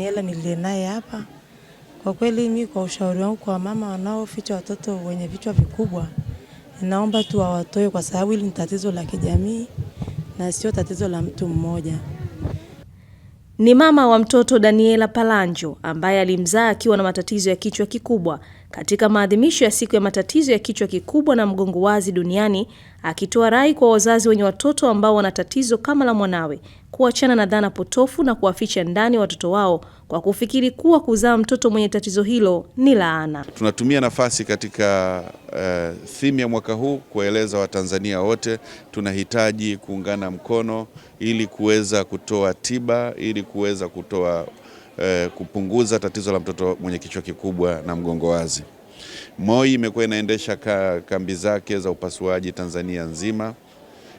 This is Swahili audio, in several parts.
Daniela niliye naye hapa. Kwa kweli mimi kwa ushauri wangu kwa mama wanaoficha watoto wenye vichwa vikubwa, naomba tu wawatoe kwa sababu hili ni tatizo la kijamii na sio tatizo la mtu mmoja. Ni mama wa mtoto Daniela Palanjo ambaye alimzaa akiwa na matatizo ya kichwa kikubwa katika maadhimisho ya siku ya matatizo ya kichwa kikubwa na mgongo wazi duniani, akitoa rai kwa wazazi wenye watoto ambao wana tatizo kama la mwanawe kuachana na dhana potofu na kuwaficha ndani watoto wao kwa kufikiri kuwa kuzaa mtoto mwenye tatizo hilo ni laana. Tunatumia nafasi katika uh, eh, thimu ya mwaka huu kuwaeleza Watanzania wote tunahitaji kuungana mkono ili kuweza kutoa tiba ili kuweza kutoa Eh, kupunguza tatizo la mtoto mwenye kichwa kikubwa na mgongo wazi. MOI imekuwa inaendesha ka, kambi zake za upasuaji Tanzania nzima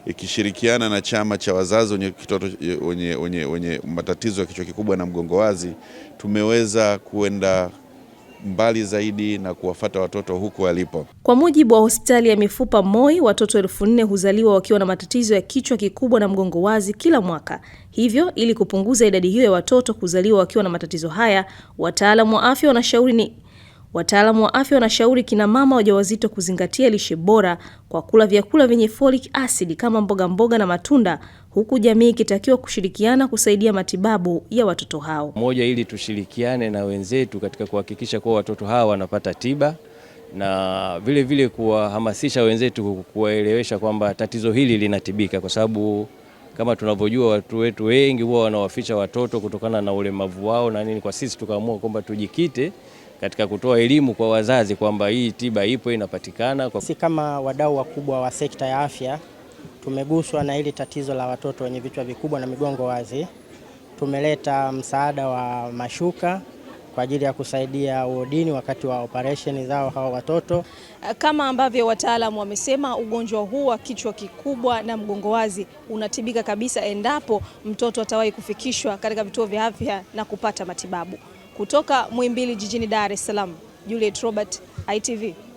ikishirikiana na chama cha wazazi wenye, kitoto, wenye, wenye, wenye matatizo ya kichwa kikubwa na mgongo wazi tumeweza kuenda mbali zaidi na kuwafata watoto huku walipo. Kwa mujibu wa hospitali ya mifupa MOI, watoto elfu nne huzaliwa wakiwa na matatizo ya kichwa kikubwa na mgongo wazi kila mwaka. Hivyo, ili kupunguza idadi hiyo ya watoto kuzaliwa wakiwa na matatizo haya, wataalamu wa afya wanashauri ni Wataalamu wa afya wanashauri kina mama wajawazito kuzingatia lishe bora kwa kula vyakula vyenye folic acid kama mboga mboga na matunda, huku jamii ikitakiwa kushirikiana kusaidia matibabu ya watoto hao. Moja, ili tushirikiane na wenzetu katika kuhakikisha kuwa watoto hawa wanapata tiba na vile vile kuwahamasisha wenzetu, kuwaelewesha kwamba tatizo hili linatibika, kwa sababu kama tunavyojua watu wetu wengi huwa wanawaficha watoto kutokana na ulemavu wao na nini. Kwa sisi tukaamua kwamba tujikite katika kutoa elimu kwa wazazi kwamba hii tiba ipo inapatikana. Kwa... si kama wadau wakubwa wa sekta ya afya tumeguswa na hili tatizo la watoto wenye vichwa vikubwa na migongo wazi. Tumeleta msaada wa mashuka kwa ajili ya kusaidia wodini wakati wa operesheni zao hawa watoto. Kama ambavyo wataalamu wamesema, ugonjwa huu wa kichwa kikubwa na mgongo wazi unatibika kabisa endapo mtoto atawahi kufikishwa katika vituo vya afya na kupata matibabu. Kutoka Muhimbili jijini Dar es Salaam, Juliet Robert, ITV.